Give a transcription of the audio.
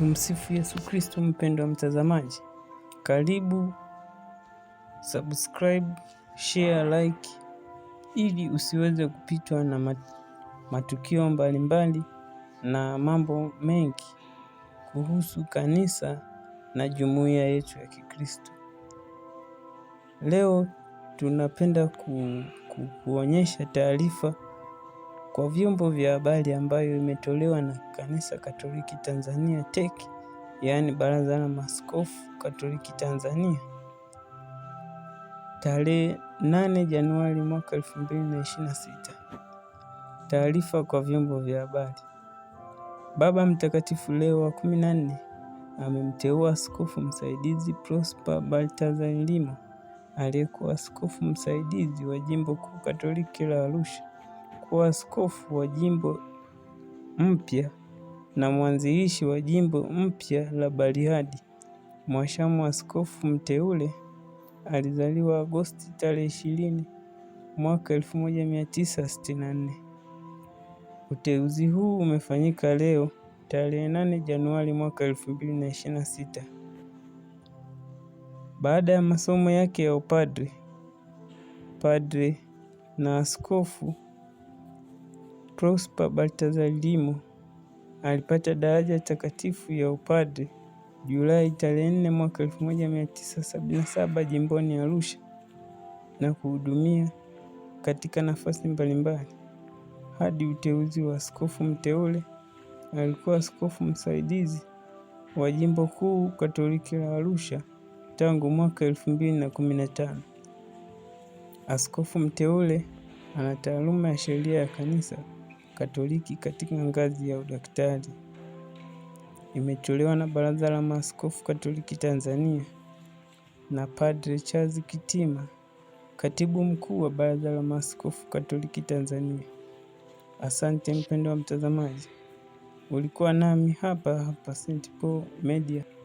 Tumsifu Yesu Kristo. Mpendwa mtazamaji, karibu subscribe, share, like ili usiweze kupitwa na matukio mbalimbali mbali na mambo mengi kuhusu kanisa na jumuiya yetu ya Kikristo. Leo tunapenda ku, ku, kuonyesha taarifa kwa vyombo vya habari ambayo imetolewa na Kanisa Katoliki Tanzania TEC, yaani Baraza la Maaskofu Katoliki Tanzania tarehe 8 Januari mwaka 2026. Taarifa kwa vyombo vya habari. Baba Mtakatifu Leo wa 14 amemteua askofu msaidizi Prosper Baltazar Limo aliyekuwa askofu msaidizi wa jimbo kuu Katoliki la Arusha askofu wa jimbo mpya na mwanzilishi wa jimbo mpya la Bariadi. Mwashamu askofu mteule alizaliwa Agosti tarehe 20 mwaka 1964. Uteuzi huu umefanyika leo tarehe 8 Januari mwaka 2026. Baada ya masomo yake ya upadre, padre na askofu Prosper Baltazalimo alipata daraja takatifu ya upadre Julai tarehe 4 mwaka 1977 jimboni Arusha na kuhudumia katika nafasi mbalimbali hadi uteuzi wa askofu mteule. Alikuwa askofu msaidizi wa jimbo kuu Katoliki la Arusha tangu mwaka 2015. Askofu mteule ana taaluma ya sheria ya kanisa. Katoliki katika ngazi ya udaktari imetolewa na Baraza la Maaskofu Katoliki Tanzania na Padre Charles Kitima, katibu mkuu wa Baraza la Maaskofu Katoliki Tanzania. Asante mpendo wa mtazamaji, ulikuwa nami hapa hapa St. Paul Media.